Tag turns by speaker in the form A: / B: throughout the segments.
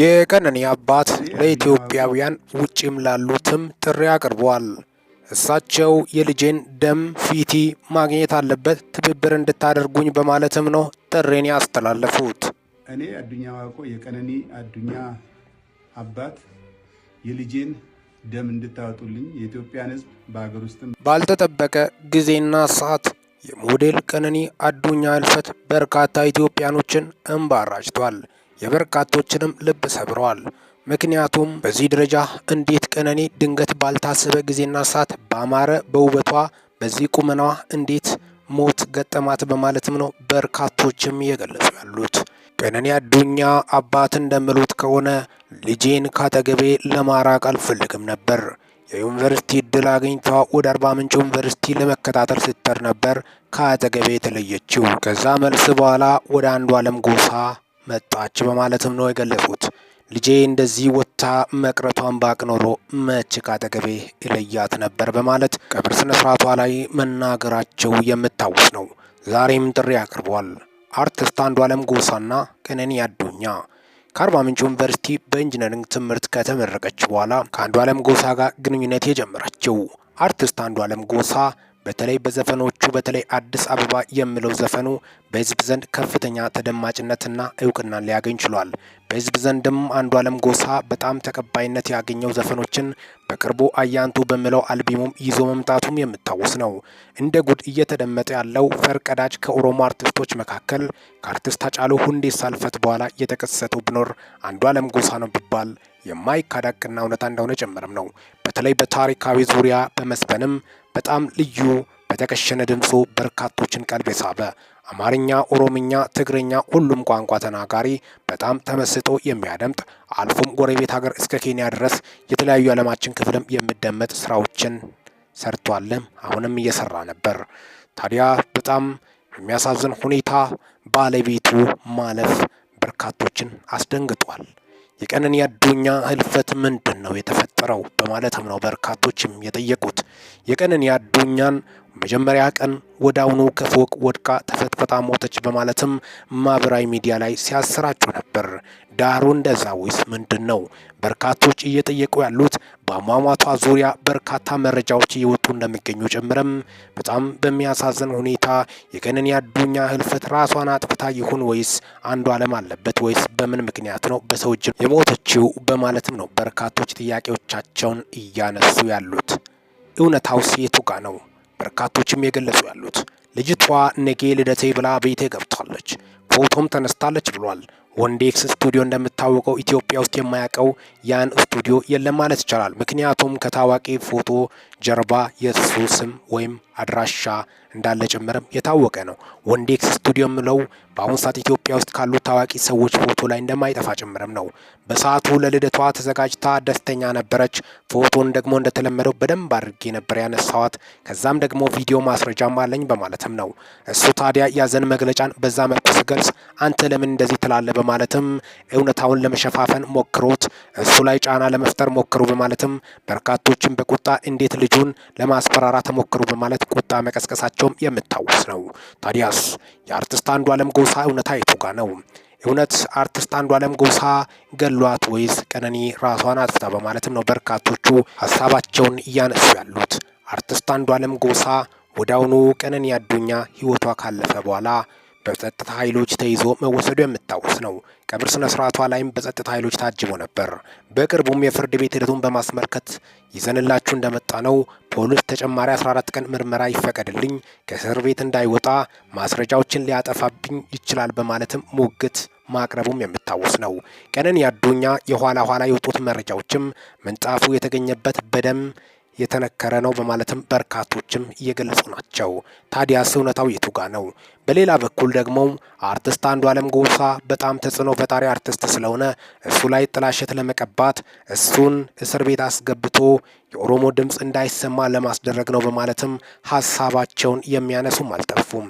A: የቀነኒ አባት ለኢትዮጵያውያን ውጪም ላሉትም ጥሪ አቅርበዋል። እሳቸው የልጄን ደም ፊቲ ማግኘት አለበት፣ ትብብር እንድታደርጉኝ በማለትም ነው ጥሬን ያስተላለፉት።
B: እኔ አዱኛ ዋቆ የቀነኒ አዱኛ አባት የልጄን ደም እንድታወጡልኝ የኢትዮጵያን ሕዝብ በሀገር ውስጥም
A: ባልተጠበቀ ጊዜና ሰዓት የሞዴል ቀነኒ አዱኛ እልፈት በርካታ ኢትዮጵያኖችን እንባ አራጭቷል። የበርካቶችንም ልብ ሰብረዋል። ምክንያቱም በዚህ ደረጃ እንዴት ቀነኒ ድንገት ባልታሰበ ጊዜና ሰዓት ባማረ በውበቷ በዚህ ቁመናዋ እንዴት ሞት ገጠማት በማለትም ነው በርካቶችም እየገለጹ ያሉት። ቀነኒ አዱኛ አባት እንደምሉት ከሆነ ልጄን ካጠገቤ ለማራቅ አልፈልግም ነበር። የዩኒቨርሲቲ እድል አግኝታ ወደ አርባ ምንጭ ዩኒቨርሲቲ ለመከታተል ስትጠር ነበር ከአጠገቤ የተለየችው። ከዛ መልስ በኋላ ወደ አንዱ አለም ጎሳ መጣች በማለትም ነው የገለጹት። ልጄ እንደዚህ ወጥታ መቅረቷን ባቅ ኖሮ መቼ ካጠገቤ እለያት ነበር በማለት ቀብር ስነ ስርዓቷ ላይ መናገራቸው የምታወስ ነው። ዛሬም ጥሪ አቅርቧል። አርቲስት አለም ጎሳና ቀነኒ አዱኛ ከአርባ ምንጭ ዩኒቨርሲቲ በኢንጂነሪንግ ትምህርት ከተመረቀች በኋላ ከአንዱ አለም ጎሳ ጋር ግንኙነት የጀመረችው አርቲስት አለም ጎሳ በተለይ በዘፈኖቹ በተለይ አዲስ አበባ የሚለው ዘፈኑ በህዝብ ዘንድ ከፍተኛ ተደማጭነትና እውቅናን ሊያገኝ ችሏል። በህዝብ ዘንድም አንዱ አለም ጎሳ በጣም ተቀባይነት ያገኘው ዘፈኖችን በቅርቡ አያንቱ በሚለው አልቢሙም ይዞ መምጣቱም የሚታወስ ነው። እንደ ጉድ እየተደመጠ ያለው ፈርቀዳጅ ከኦሮሞ አርቲስቶች መካከል ከአርቲስት ሃጫሉ ሁንዴሳ ህልፈት በኋላ የተከሰተው ቢኖር አለም ጎሳ ነው ቢባል የማይካዳቅና እውነታ እንደሆነ ጨምረም ነው። በተለይ በታሪካዊ ዙሪያ በመስበንም በጣም ልዩ በተከሸነ ድምፁ በርካቶችን ቀልብ የሳበ አማርኛ፣ ኦሮምኛ፣ ትግርኛ ሁሉም ቋንቋ ተናጋሪ በጣም ተመስጦ የሚያደምጥ አልፎም ጎረቤት ሀገር እስከ ኬንያ ድረስ የተለያዩ ዓለማችን ክፍልም የሚደመጥ ስራዎችን ሰርቷልም አሁንም እየሰራ ነበር። ታዲያ በጣም የሚያሳዝን ሁኔታ ባለቤቱ ማለፍ በርካቶችን አስደንግጧል። የቀነኒ አዱኛ ህልፈት ምንድን ነው የተፈጠረው? በማለትም ነው በርካቶችም የጠየቁት። የቀነኒ አዱኛን መጀመሪያ ቀን ወዳውኑ ከፎቅ ወድቃ ተፈጥፈጣ ሞተች በማለትም ማህበራዊ ሚዲያ ላይ ሲያሰራጩ ነበር። ዳሩ እንደዛ ወይስ ምንድን ነው? በርካቶች እየጠየቁ ያሉት በአሟሟቷ ዙሪያ በርካታ መረጃዎች እየወጡ እንደሚገኙ ጭምርም በጣም በሚያሳዝን ሁኔታ የቀነኒ አዱኛ ህልፈት ራሷን አጥፍታ ይሁን ወይስ አንዱ አለም አለበት ወይስ በምን ምክንያት ነው በሰው እጅ የሞተችው በማለትም ነው በርካቶች ጥያቄዎቻቸውን እያነሱ ያሉት። እውነታውስ የቱ ጋ ነው? በርካቶችም የገለጹ ያሉት። ልጅቷ ነጌ ልደቴ ብላ ቤቴ ገብታለች፣ ፎቶም ተነስታለች ብሏል። ወንዴክስ ስቱዲዮ እንደምታወቀው ኢትዮጵያ ውስጥ የማያውቀው ያን ስቱዲዮ የለም ማለት ይቻላል። ምክንያቱም ከታዋቂ ፎቶ ጀርባ የሱ ስም ወይም አድራሻ እንዳለ ጭምርም የታወቀ ነው። ወንዴክስ ስቱዲዮ የምለው በአሁን ሰዓት ኢትዮጵያ ውስጥ ካሉ ታዋቂ ሰዎች ፎቶ ላይ እንደማይጠፋ ጭምርም ነው። በሰዓቱ ለልደቷ ተዘጋጅታ ደስተኛ ነበረች። ፎቶን ደግሞ እንደተለመደው በደንብ አድርጌ ነበር ያነሳዋት። ከዛም ደግሞ ቪዲዮ ማስረጃም አለኝ በማለትም ነው እሱ ታዲያ ያዘን መግለጫን በዛ መልኩ ስገልጽ አንተ ለምን እንደዚህ ትላለ በማለትም እውነታውን ለመሸፋፈን ሞክሮት እሱ ላይ ጫና ለመፍጠር ሞክሩ በማለትም በርካቶችን በቁጣ እንዴት ልጁን ለማስፈራራ ሞክሩ በማለት ቁጣ መቀስቀሳቸው መሆናቸውም የምታወስ ነው። ታዲያስ የአርቲስት አንዷለም ጎሳ እውነታ የቱ ጋ ነው? እውነት አርቲስት አንዷለም ጎሳ ገሏት ወይስ ቀነኒ ራሷን አጥፍታ? በማለትም ነው በርካቶቹ ሀሳባቸውን እያነሱ ያሉት። አርቲስት አለም ጎሳ ወዳውኑ ቀነኒ አዱኛ ህይወቷ ካለፈ በኋላ በጸጥታ ኃይሎች ተይዞ መወሰዱ የሚታወስ ነው። ቀብር ስነ ስርዓቷ ላይም በጸጥታ ኃይሎች ታጅቦ ነበር። በቅርቡም የፍርድ ቤት ሂደቱን በማስመልከት ይዘንላችሁ እንደመጣ ነው። ፖሊስ ተጨማሪ 14 ቀን ምርመራ ይፈቀድልኝ፣ ከእስር ቤት እንዳይወጣ፣ ማስረጃዎችን ሊያጠፋብኝ ይችላል በማለትም ሙግት ማቅረቡም የሚታወስ ነው። ቀነኒ አዱኛ የኋላ ኋላ የወጡት መረጃዎችም ምንጣፉ የተገኘበት በደም የተነከረ ነው በማለትም በርካቶችም እየገለጹ ናቸው። ታዲያስ እውነታው የቱ ጋ ነው? በሌላ በኩል ደግሞ አርቲስት አንዱ አለም ጎሳ በጣም ተጽዕኖ ፈጣሪ አርቲስት ስለሆነ እሱ ላይ ጥላሸት ለመቀባት እሱን እስር ቤት አስገብቶ የኦሮሞ ድምፅ እንዳይሰማ ለማስደረግ ነው በማለትም ሀሳባቸውን የሚያነሱም አልጠፉም።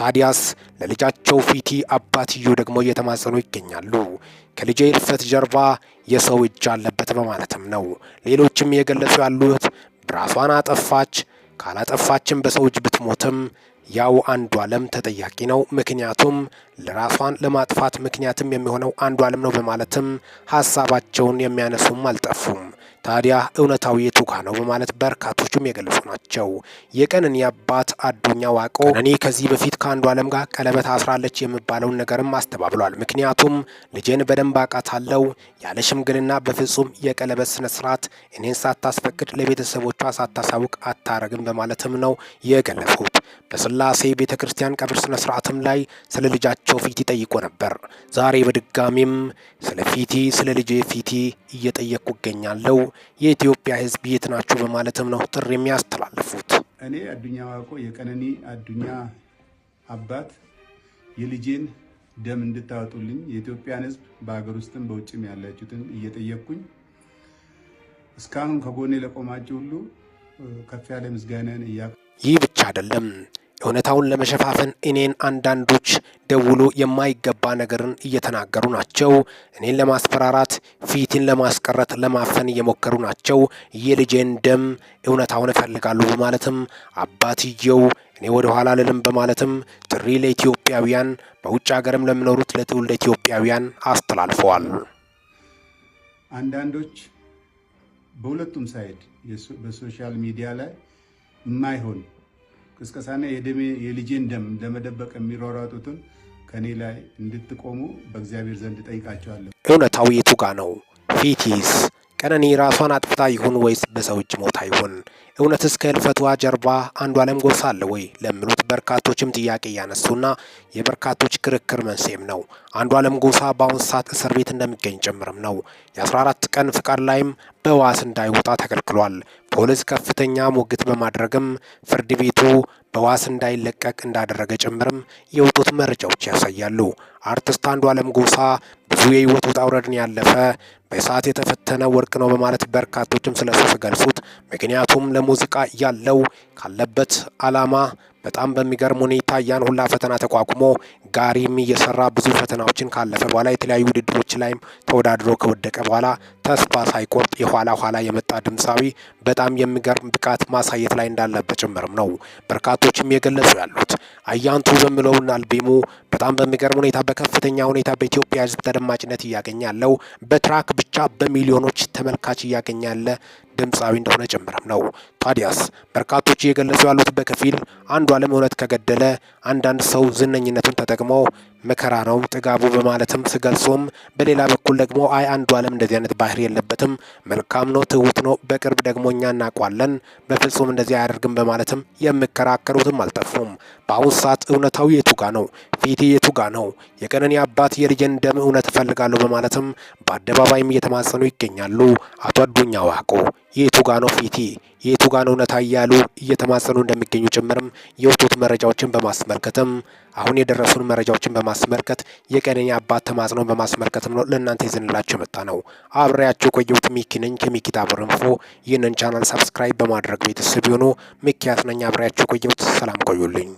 A: ታዲያስ ለልጃቸው ፊቲ አባትዮ ደግሞ እየተማጸኑ ይገኛሉ። ከልጄ እልፈት ጀርባ የሰው እጅ አለበት በማለትም ነው ሌሎችም እየገለጹ ያሉት። ራሷን አጠፋች ካላጠፋችም በሰው እጅ ብትሞትም ያው አንዱ አለም ተጠያቂ ነው። ምክንያቱም ለራሷን ለማጥፋት ምክንያትም የሚሆነው አንዱ አለም ነው በማለትም ሀሳባቸውን የሚያነሱም አልጠፉም። ታዲያ እውነታዊ የቱጋ ነው በማለት በርካቶቹም የገለጹ ናቸው። የቀነኒ አባት አዱኛ ዋቆ ቀነኒ ከዚህ በፊት ከአንዱ አለም ጋር ቀለበት አስራለች የሚባለውን ነገርም አስተባብሏል። ምክንያቱም ልጄን በደንብ አውቃታለሁ ያለ ሽምግልና በፍጹም የቀለበት ስነስርዓት እኔን ሳታስፈቅድ ለቤተሰቦቿ ሳታሳውቅ አታረግም በማለትም ነው የገለጹት። በስላሴ ቤተ ክርስቲያን ቀብር ስርዓትም ላይ ስለ ልጃቸው ልጃቸው ፊቲ ጠይቆ ነበር። ዛሬ በድጋሚም ስለ ፊቲ፣ ስለ ልጄ ፊቲ እየጠየቅኩ እገኛለሁ። የኢትዮጵያ ሕዝብ የት ናችሁ በማለትም ነው ጥሪ የሚያስተላልፉት።
B: እኔ አዱኛ ዋቆ የቀነኒ አዱኛ አባት የልጄን ደም እንድታወጡልኝ የኢትዮጵያን ሕዝብ በሀገር ውስጥም በውጭም ያላችሁትን እየጠየቅኩኝ እስካሁን ከጎኔ ለቆማችሁ ሁሉ ከፍ ያለ ምስጋናን እያ
A: ይህ ብቻ አይደለም። እውነታውን ለመሸፋፈን እኔን አንዳንዶች ደውሎ የማይገባ ነገርን እየተናገሩ ናቸው። እኔን ለማስፈራራት፣ ፊትን ለማስቀረት፣ ለማፈን እየሞከሩ ናቸው። የልጄን ደም እውነታውን እፈልጋሉ በማለትም አባትየው እኔ ወደ ኋላ ልልም በማለትም ጥሪ ለኢትዮጵያውያን በውጭ ሀገርም ለሚኖሩት ለትውልደ ኢትዮጵያውያን አስተላልፈዋል።
B: አንዳንዶች በሁለቱም ሳይድ በሶሻል ሚዲያ ላይ የማይሆን ቅስቀሳና የደሜ የልጄን ደም ለመደበቅ የሚሯሯጡትን ከኔ ላይ እንድትቆሙ በእግዚአብሔር ዘንድ ጠይቃቸዋለሁ።
A: እውነታው የቱ ጋ ነው? ፊቲስ ቀነኒ ራሷን አጥፍታ ይሁን ወይስ በሰው እጅ ሞታ ይሁን? እውነት እስከ ህልፈቷ ጀርባ አንዱ ዓለም ጎሳ አለ ወይ ለሚሉት በርካቶችም ጥያቄ እያነሱና የበርካቶች ክርክር መንስኤም ነው። አንዱ ዓለም ጎሳ በአሁን ሰዓት እስር ቤት እንደሚገኝ ጭምርም ነው። የ14 ቀን ፍቃድ ላይም በዋስ እንዳይወጣ ተከልክሏል። ፖሊስ ከፍተኛ ሙግት በማድረግም ፍርድ ቤቱ በዋስ እንዳይለቀቅ እንዳደረገ ጭምርም የወጡት መረጃዎች ያሳያሉ። አርቲስት አንዱ አለም ጎሳ ብዙ የህይወት ውጣ ውረድን ያለፈ በእሳት የተፈተነ ወርቅ ነው በማለት በርካቶችም ስለሱ ሲገልጹት፣ ምክንያቱም ለሙዚቃ ያለው ካለበት አላማ በጣም በሚገርም ሁኔታ ያን ሁላ ፈተና ተቋቁሞ ጋሪም እየሰራ ብዙ ፈተናዎችን ካለፈ በኋላ የተለያዩ ውድድሮች ላይም ተወዳድሮ ከወደቀ በኋላ ተስፋ ሳይቆርጥ የኋላ ኋላ የመጣ ድምፃዊ በጣም የሚገርም ብቃት ማሳየት ላይ እንዳለበት ጭምርም ነው በርካቶችም የገለጹ ያሉት። አያንቱ በሚለውን አልበሙ በጣም በሚገርም ሁኔታ በከፍተኛ ሁኔታ በኢትዮጵያ ሕዝብ ተደማጭነት እያገኘ ያለው በትራክ ብቻ በሚሊዮኖች ተመልካች እያገኘ ያለ ድምፃዊ እንደሆነ ጭምርም ነው። ታዲያስ በርካቶች እየገለጹ ያሉት በከፊል አለም እውነት ከገደለ አንዳንድ ሰው ዝነኝነቱን ተጠቅሞ መከራ ነው ጥጋቡ በማለትም ስገልጾም፣ በሌላ በኩል ደግሞ አይ አንዱ አለም እንደዚህ አይነት ባህሪ የለበትም፣ መልካም ነው፣ ትሁት ነው፣ በቅርብ ደግሞ እኛ እናቋለን፣ በፍጹም እንደዚህ አያደርግም በማለትም የሚከራከሩትም አልጠፉም። በአሁኑ ሰዓት እውነታው የቱጋ ነው? ፊት የቱጋ ነው? የቀነኒ አባት የልጄን ደም እውነት እፈልጋለሁ በማለትም በአደባባይም እየተማጸኑ ይገኛሉ። አቶ አዱኛ ዋቆ የቱጋ ጋ ነው ፊቴ የኢቱጋን እውነታ እያሉ እየተማጸኑ እንደሚገኙ ጭምርም የወጡት መረጃዎችን በማስመልከትም አሁን የደረሱን መረጃዎችን በማስመልከት የቀነኛ አባት ተማጽኖን በማስመልከትም ነው ለእናንተ ይዘንላቸው የመጣ ነው። አብሬያቸው ቆየሁት። ሚኪ ነኝ ከሚኪ ታቦር ኢንፎ። ይህንን ቻናል ሰብስክራይብ በማድረግ ቤተሰብ የሆኑ ሚኪያት አብሬያቸው ቆየሁት። ሰላም ቆዩልኝ።